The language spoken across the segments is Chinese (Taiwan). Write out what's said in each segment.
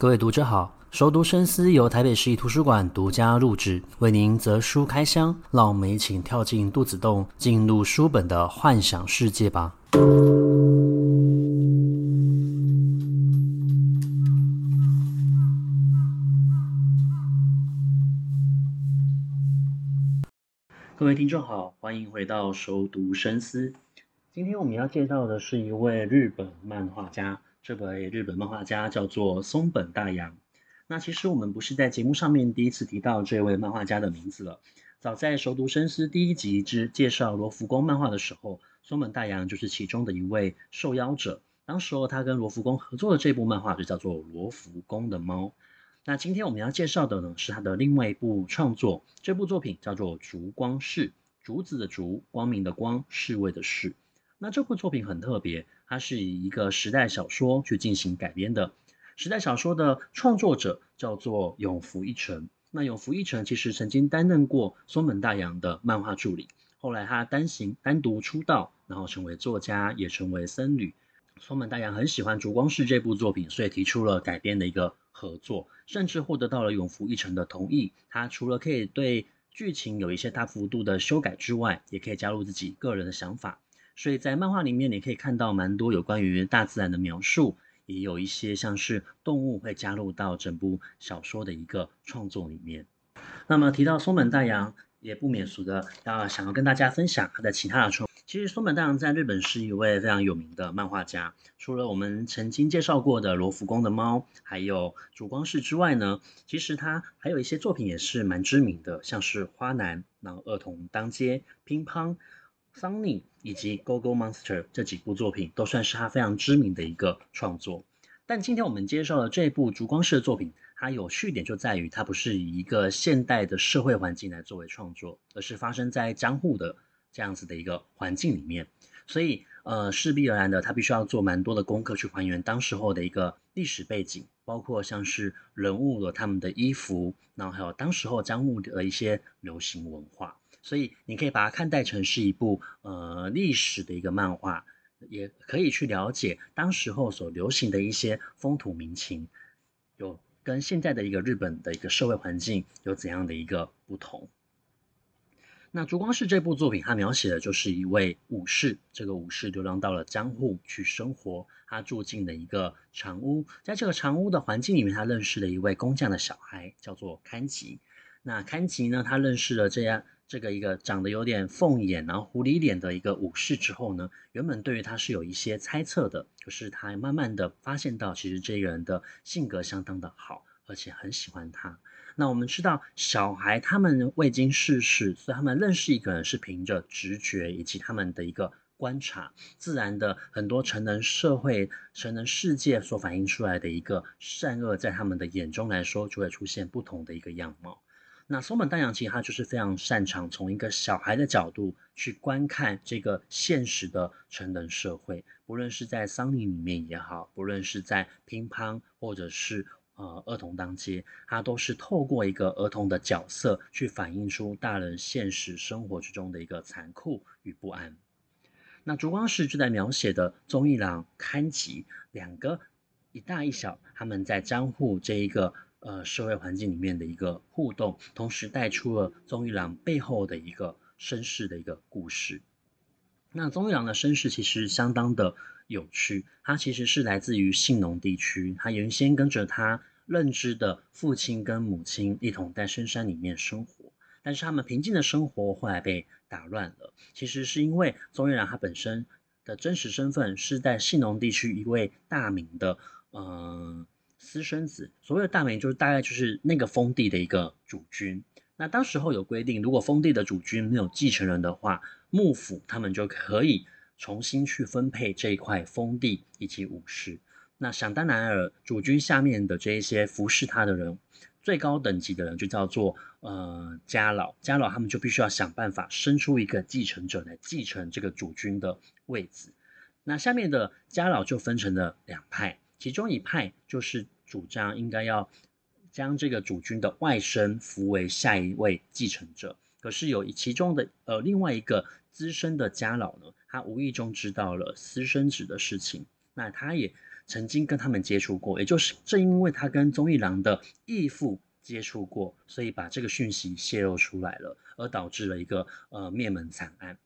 各位讀者好，熟讀深思由台北市立圖書館獨家錄製，為您擇書開箱，讓我們一起跳進肚子洞，進入書本的幻想世界吧。各位聽眾好，歡迎回到熟讀深思。今天我們要介紹的是一位日本漫畫家。這位日本漫畫家叫做松本大洋。那其實我們不是在節目上面第一次提到這位漫畫家的名字了。早在《熟讀深思》第一集之介紹羅浮宮漫畫的時候，松本大洋就是其中的一位受邀者。當時候他跟羅浮宮合作的這部漫畫就叫做《羅浮宮的貓》。那今天我們要介紹的呢是他的另外一部創作，這部作品叫做《竹光侍》，竹子的竹，光明的光，侍衛的侍。那這部作品很特別，它是以一個時代小說去進行改編的。時代小說的創作者叫做永福一成。那永福一成其實曾經擔任過松本大洋的漫畫助理，後來他單行單獨出道，然後成為作家，也成為僧侶。松本大洋很喜歡《竹光侍》這部作品，所以提出了改編的一個合作，甚至獲得到了永福一成的同意。他除了可以對劇情有一些大幅度的修改之外，也可以加入自己個人的想法。所以在漫畫裡面，你可以看到蠻多有關於大自然的描述，也有一些像是動物會加入到整部小說的一個創作裡面。那麼提到松本大洋，也不免俗的啊，想要跟大家分享他的其他的創。其實松本大洋在日本是一位非常有名的漫畫家，除了我們曾經介紹過的《羅浮宮的貓》還有《竹光侍》之外呢，其實他還有一些作品也是蠻知名的，像是《花男》、然後《惡童當街》、《乒乓》。《桑尼》以及《Go Go Monster》這幾部作品都算是他非常知名的一個創作，但今天我們介紹的這部竹光侍的作品，它有趣點就在於它不是以一個現代的社會環境來作為創作，而是發生在江戶的這樣子的一個環境裡面，所以呃，勢必而然的，他必須要做蠻多的功課去還原當時候的一個歷史背景，包括像是人物的他們的衣服，然後還有當時候江戶的一些流行文化。所以你可以把它看待成是一部呃歷史的一個漫畫，也可以去了解當時候所流行的一些風土民情，有跟現在的一個日本的一個社會環境有怎樣的一個不同。那《竹光侍》是這部作品，它描寫的就是一位武士，這個武士流浪到了江戶去生活，他住進了一個長屋，在這個長屋的環境裡面，他認識了一位工匠的小孩，叫做勘吉。那勘吉呢，他認識了這樣。這個一個長得有點鳳眼然後狐狸臉的一個武士之後呢，原本對於他是有一些猜測的，可、就是他還慢慢的發現到，其實這個人的性格相當的好，而且很喜歡他。那我們知道，小孩他們未經世事，所以他們認識一個人是憑着直覺以及他們的一個觀察，自然的很多成人社會，成人世界所反映出來的一個善惡，在他們的眼中來說，就會出現不同的一個樣貌。那松本大洋其實他就是非常擅長從一個小孩的角度去觀看這個現實的成人社會，不論是在桑林裡面也好，不論是在乒乓或者是呃惡童當街，他都是透過一個兒童的角色去反映出大人現實生活之中的一個殘酷與不安。那《竹光侍》就在描寫的宗一郎、堪吉兩個一大一小，他們在江戶這一個。呃，社會環境裡面的一個互動，同時帶出了宗一郎背後的一個身世的一個故事。那宗一郎的身世其實相當的有趣，他其實是來自於信濃地區，他原先跟着他認知的父親跟母親一同在深山裡面生活，但是他們平靜的生活後來被打亂了，其實是因為宗一郎他本身的真實身份是在信濃地區一位大名的，嗯、呃。私生子，所謂的大名就是大概就是那個封地的一個主君。那當時候有規定，如果封地的主君沒有繼承人的話，幕府他們就可以重新去分配這一塊封地以及武士。那想當然耳，主君下面的這一些服侍他的人，最高等級的人就叫做呃家老。家老他們就必須要想辦法生出一個繼承者來繼承這個主君的位置。那下面的家老就分成了兩派。其中一派就是主張應該要將這個主君的外甥扶為下一位繼承者。可是有其中的呃另外一個資深的家老呢，他無意中知道了私生子的事情。那他也曾經跟他們接觸過，也就是正因為他跟宗一郎的義父接觸過，所以把這個訊息泄露出來了，而導致了一個呃滅門慘案。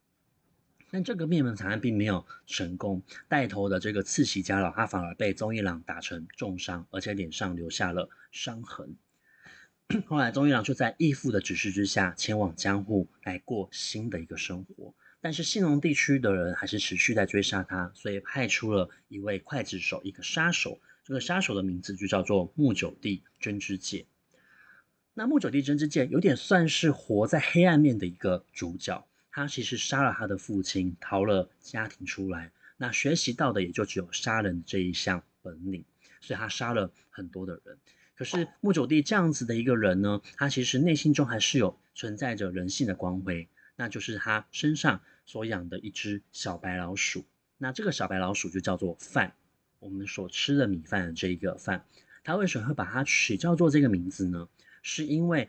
但這個滅門慘案並沒有成功，帶頭的這個次席家老他反而被宗一郎打成重傷，而且臉上留下了傷痕。 後來宗一郎就在義父的指示之下，前往江戶來過新的一個生活。但是信濃地區的人還是持續在追殺他，所以派出了一位劊子手，一個殺手。這個殺手的名字就叫做木久地真之介。那木久地真之介有點算是活在黑暗面的一個主角。他其實殺了他的父親，逃了家庭出來，那學習到的也就只有殺人這一項本領，所以他殺了很多的人。可是木久地這樣子的一個人呢，他其實內心中還是有存在着人性的光輝，那就是他身上所養的一隻小白老鼠。那這個小白老鼠就叫做飯，我們所吃的米飯的這一個飯，他為什麼會把它取叫做這個名字呢？是因為。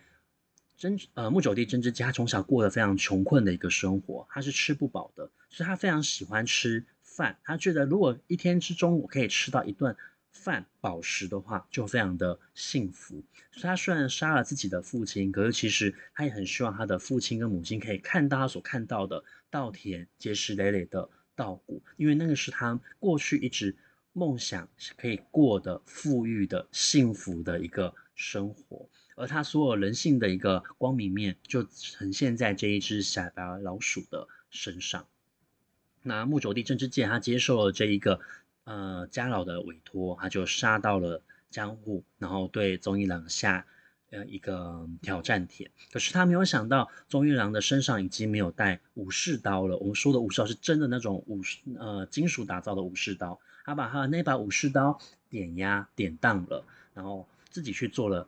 真，呃，木九弟真知家，他從小過得非常窮困的一個生活，他是吃不飽的，所以他非常喜歡吃飯。他覺得如果一天之中我可以吃到一頓飯飽食的話，就非常的幸福。所以他雖然殺了自己的父親，可是其實他也很希望他的父親跟母親可以看到他所看到的稻田結實累累的稻穀，因為那個是他過去一直夢想是可以過的富裕的幸福的一個生活。而他所有人性的一個光明面，就呈現在這一隻小白老鼠的身上。那木久地正之介，他接受了這一個呃家老的委託，他就殺到了江戶，然後對宗一郎下呃一個挑戰帖。可是他沒有想到，宗一郎的身上已經沒有帶武士刀了。我們說的武士刀，是真的那種武士呃金屬打造的武士刀。他把他的那把武士刀典押典當了，然後自己去做了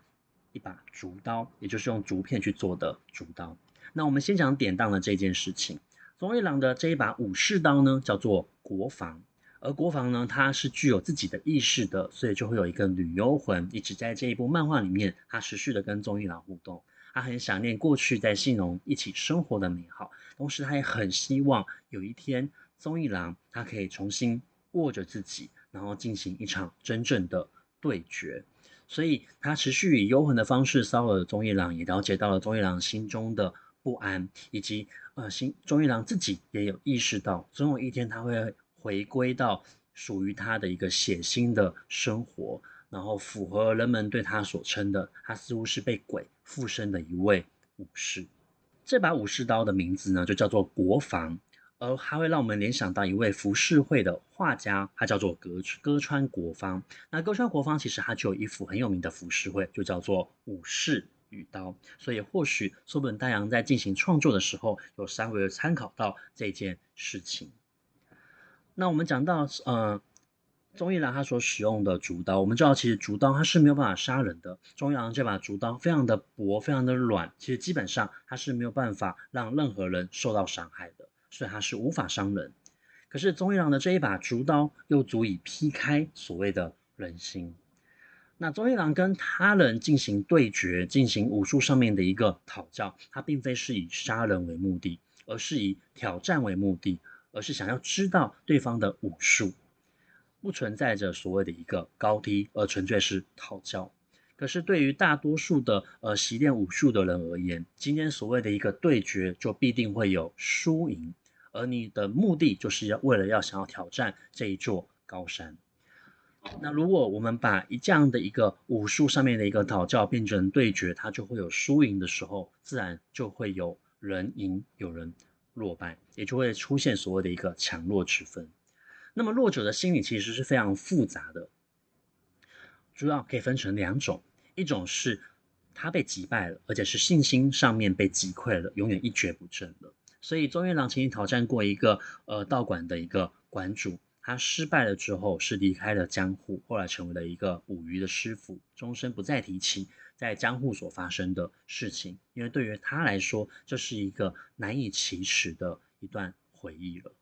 一把竹刀，也就是用竹片去做的竹刀。那我們先講典當的這件事情。宗一郎的這一把武士刀呢，叫做國防。而國防呢，它是具有自己的意識的，所以就會有一個女幽魂一直在這一部漫畫裡面，他持續的跟宗一郎互動。他很想念過去在信濃一起生活的美好，同時他也很希望有一天宗一郎他可以重新握着自己，然後進行一場真正的對決。所以，他持續以幽魂的方式騷擾了宗一郎，也了解到了宗一郎心中的不安，以及呃，宗宗一郎自己也有意識到，總有一天他會回歸到屬於他的一個血腥的生活，然後符合人們對他所稱的，他似乎是被鬼附身的一位武士。這把武士刀的名字呢，就叫做國防。而還會讓我們聯想到一位浮世繪的畫家，他叫做歌歌川國芳。那歌川國芳其實他就有一幅很有名的浮世繪，就叫做武士與刀。所以或許松本大洋在進行創作的時候，有稍微參考到這件事情。那我們講到，呃，宗一郎他所使用的竹刀，我們知道其實竹刀它是沒有辦法殺人的。宗一郎這把竹刀非常的薄，非常的軟，其實基本上它是沒有辦法讓任何人受到傷害的。所以他是無法傷人，可是宗一郎的這一把竹刀又足以劈開所謂的人心。那宗一郎跟他人進行對決，進行武術上面的一個討教，他並非是以殺人為目的，而是以挑戰為目的，而是想要知道對方的武術，不存在着所謂的一個高低，而純粹是討教。可是對於大多數的呃習練武術的人而言，今天所謂的一個對決，就必定會有輸贏，而你的目的就是要為了要想要挑戰這一座高山。那如果我們把一這樣的一個武術上面的一個討教變成對決，它就會有輸贏的時候，自然就會有人贏，有人落敗，也就會出現所謂的一個強弱之分。那麼弱者的心理其實是非常複雜的，主要可以分成兩種。一種是他被擊敗了，而且是信心上面被擊潰了，永遠一蹶不振了。所以宗元郎曾經挑戰過一個呃道館的一個館主，他失敗了之後是離開了江湖，後來成為了一個捕魚的師傅，終身不再提起在江湖所發生的事情，因為對於他來說這、就是一個難以啟齒的一段回憶了。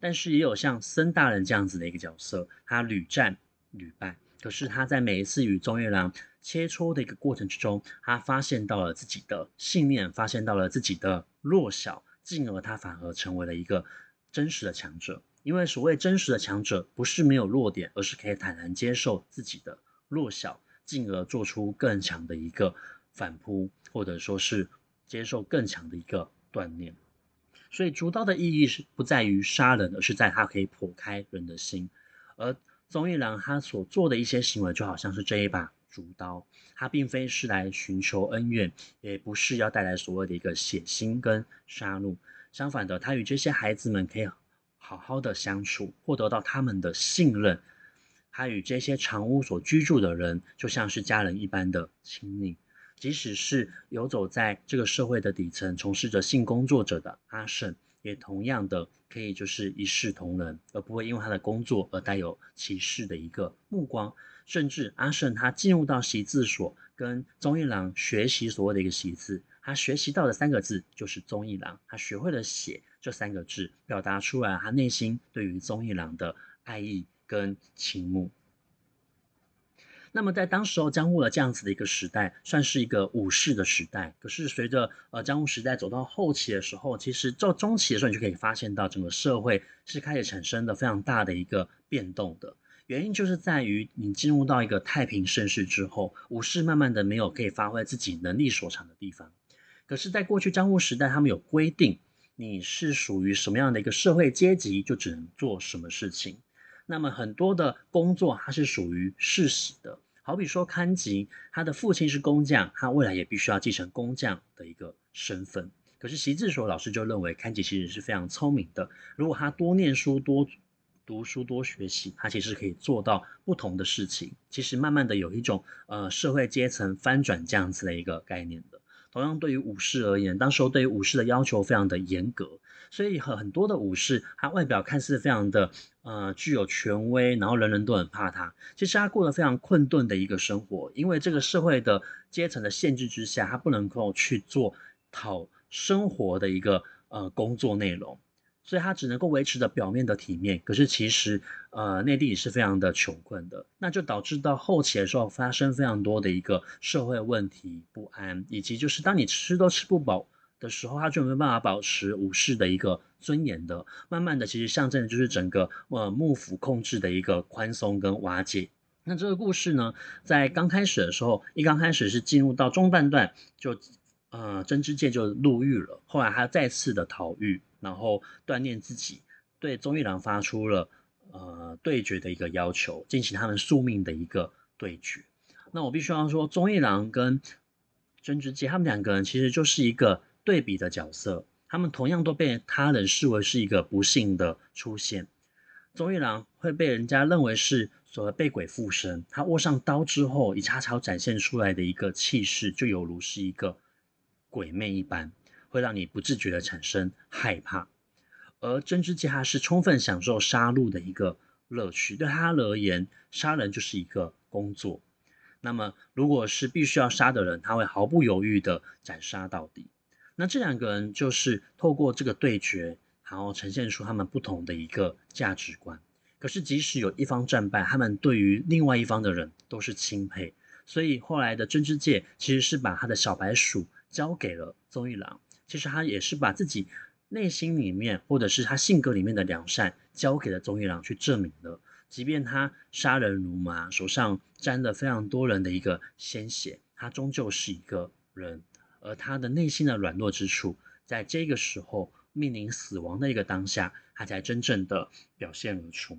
但是也有像森大人這樣子的一個角色，他屢戰屢敗。可是他在每一次與宗一郎切磋的一個過程之中，他發現到了自己的信念，發現到了自己的弱小，進而他反而成為了一個真實的強者。因為所謂真實的強者，不是沒有弱點，而是可以坦然接受自己的弱小，進而做出更強的一個反撲，或者說是接受更強的一個鍛鍊。所以，竹刀的意義是不在於殺人，而是在他可以剖開人的心，而。宗一郎他所做的一些行為，就好像是這一把竹刀，他並非是來尋求恩怨，也不是要帶來所謂的一個血腥跟殺戮。相反的，他與這些孩子們可以好好的相處，獲得到他們的信任。他與這些長屋所居住的人，就像是家人一般的親密。即使是遊走在這個社會的底層，從事着性工作者的阿勝。也同樣的可以，就是一視同仁，而不會因為他的工作而帶有歧視的一個目光。甚至阿勝他進入到習字所，跟宗一郎學習所謂的一個習字，他學習到的三個字就是宗一郎，他學會了寫這三個字，表達出來他內心對於宗一郎的愛意跟傾慕。那麼在當時候，江戶的這樣子的一個時代，算是一個武士的時代。可是隨着呃江戶時代走到後期的時候，其實到中期的時候，你就可以發現到整個社會是開始產生的非常大的一個變動的。原因就是在於你進入到一個太平盛世之後，武士慢慢的沒有可以發揮自己能力所長的地方。可是，在過去江戶時代，他們有規定，你是屬於什麼樣的一個社會階級，就只能做什麼事情。那麼很多的工作，它是屬於世襲的，好比說吉，勘吉他的父親是工匠，他未來也必須要繼承工匠的一個身份。可是習字所老師就認為，勘吉其實是非常聰明的，如果他多念書、多讀書、多學習，他其實可以做到不同的事情。其實慢慢的有一種呃社會階層翻轉這樣子的一個概念的。同樣對於武士而言，當時對於武士的要求非常的嚴格，所以很很多的武士，他外表看似非常的呃具有權威，然後人人都很怕他，其實他過得非常困頓的一個生活，因為這個社會的階層的限制之下，他不能夠去做討生活的一個呃工作內容。所以它只能夠維持着表面的體面，可是其實，呃，內地也是非常的窮困的，那就導致到後期的時候，發生非常多的一個社會問題、不安，以及就是當你吃都吃不飽的時候，他就沒有辦法保持武士的一個尊嚴的。慢慢的，其實象徵的就是整個呃幕府控制的一個寬鬆跟瓦解。那這個故事呢，在剛開始的時候，一剛開始是進入到中半段，就呃真之介就入獄了，後來他再次的逃獄。然後鍛鍊自己，對宗一郎發出了呃對決的一個要求，進行他們宿命的一個對決。那我必須要說，宗一郎跟甄之階他們兩個人其實就是一個對比的角色，他們同樣都被他人視為是一個不幸的出現。宗一郎會被人家認為是所謂被鬼附身，他握上刀之後，一叉叉展現出來的一個氣勢，就猶如是一個鬼魅一般，會讓你不自覺地產生害怕，而真之介他是充分享受殺戮的一個樂趣，對他而言，殺人就是一個工作。那麼，如果是必須要殺的人，他會毫不猶豫地斬殺到底。那這兩個人就是透過這個對決，然後呈現出他們不同的一個價值觀。可是，即使有一方戰敗，他們對於另外一方的人都是欽佩。所以，後來的真之介其實是把他的小白鼠交給了宗一郎。其實他也是把自己內心裡面，或者是他性格裡面的良善，交給了宗一郎去證明了。即便他殺人如麻，手上沾了非常多人的一個鮮血，他終究是一個人。而他的內心的軟弱之處，在這個時候面臨死亡的一個當下，他才真正的表現而出。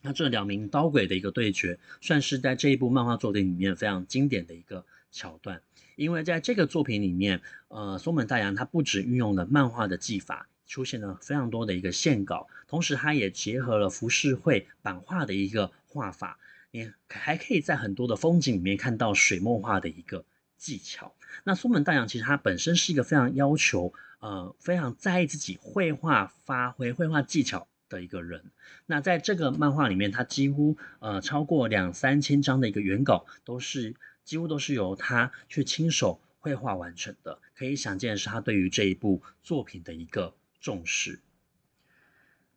那這兩名刀鬼的一個對決，算是在這一部漫畫作品裡面非常經典的一個。橋段，因為在這個作品裡面，呃，松本大洋他不只運用了漫畫的技法，出現了非常多的一個線稿，同時他也結合了浮世繪版畫的一個畫法，你還可以在很多的風景裡面看到水墨畫的一個技巧。那松本大洋其實他本身是一個非常要求，呃，非常在意自己繪畫發揮、繪畫技巧的一個人。那在這個漫畫裡面，他幾乎呃超過兩三千張的一個原稿都是。幾乎都是由他去親手繪畫完成的，可以想見是他對於這一部作品的一個重視。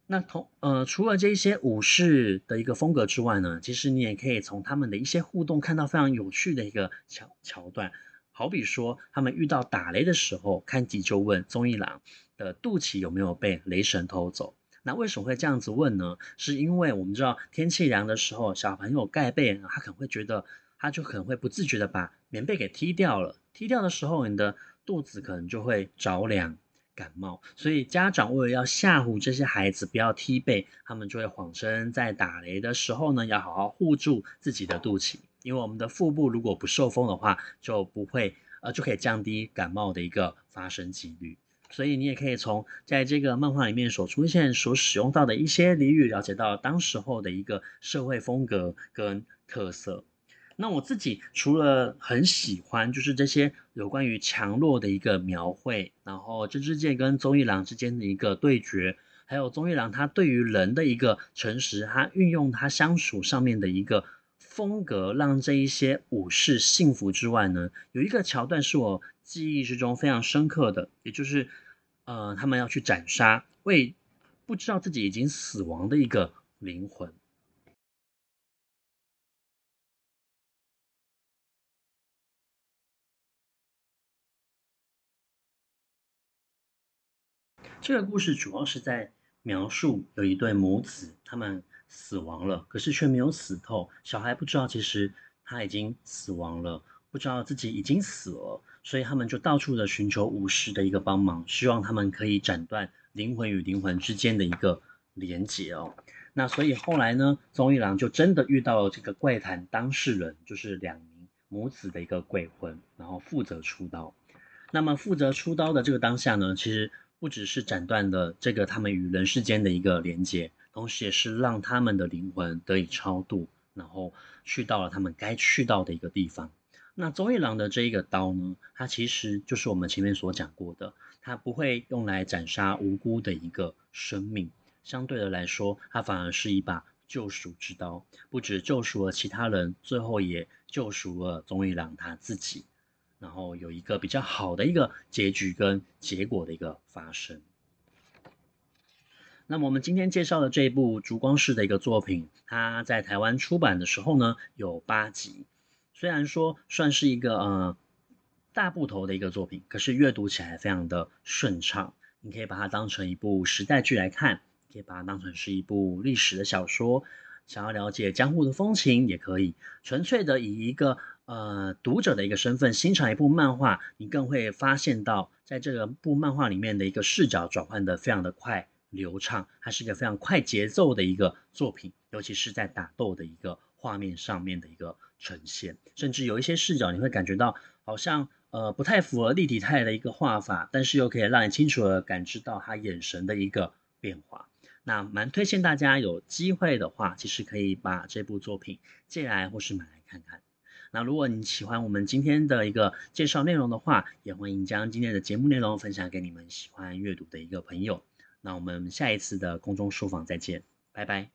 那同呃，除了這一些武士的一個風格之外呢，其實你也可以從他們的一些互動看到非常有趣的一個橋橋段，好比說他們遇到打雷的時候，勘吉就問宗一郎的肚臍有沒有被雷神偷走。那為什麼會這樣子問呢？是因為我們知道天氣涼的時候，小朋友蓋被，他可能會覺得。他就可能會不自覺的把棉被給踢掉了。踢掉的時候，你的肚子可能就會着涼、感冒。所以家長為了要嚇唬這些孩子不要踢被，他們就會謊稱在打雷的時候呢，要好好護住自己的肚臍，因為我們的腹部如果不受風的話，就不會呃就可以降低感冒的一個發生幾率。所以你也可以從在這個漫畫裡面所出現所使用到的一些俚語，了解到了當時候的一個社會風格跟特色。那我自己除了很喜歡，就是這些有關於強弱的一個描繪，然後真之介跟宗一郎之間的一個對決，還有宗一郎他對於人的一個誠實，他運用他相處上面的一個風格，讓這一些武士幸福之外呢，有一個橋段是我記憶之中非常深刻的，也就是，呃，他們要去斬殺為不知道自己已經死亡的一個靈魂。這個故事主要是在描述有一對母子，他們死亡了，可是卻沒有死透。小孩不知道其實他已經死亡了，不知道自己已經死了，所以他們就到處的尋求武士的一個幫忙，希望他們可以斬斷靈魂與靈魂之間的一個連結哦。那所以後來呢，宗一郎就真的遇到了這個怪談當事人，就是兩名母子的一個鬼魂，然後負責出刀。那麼負責出刀的這個當下呢，其實。不只是斬斷了這個他們與人世間的一個連接，同時也是讓他們的靈魂得以超度，然後去到了他們該去到的一個地方。那宗一郎的這一個刀呢，它其實就是我們前面所講過的，它不會用來斬殺無辜的一個生命，相對的來說，它反而是一把救贖之刀，不止救贖了其他人，最後也救贖了宗一郎他自己。然後有一個比較好的一個結局跟結果的一個發生。那麼我們今天介紹的這一部竹光侍的一個作品，它在台灣出版的時候呢，有八集，雖然說算是一個呃大部頭的一個作品，可是閱讀起來非常的順暢。你可以把它當成一部時代劇來看，可以把它當成是一部歷史的小說，想要了解江戶的風情也可以，純粹的以一個。呃，讀者的一個身份欣賞一部漫畫，你更會發現到，在這個部漫畫裡面的一個視角轉換的非常的快流暢，它是一個非常快節奏的一個作品，尤其是在打鬥的一個畫面上面的一個呈現，甚至有一些視角你會感覺到好像呃不太符合立體態的一個畫法，但是又可以讓你清楚的感知到他眼神的一個變化。那蠻推薦大家有機會的話，其實可以把這部作品借來或是買來看看。那如果你喜歡我們今天的一個介紹內容的話，也歡迎將今天的節目內容分享給你們喜歡閱讀的一個朋友。那我們下一次的空中書房再見，拜拜。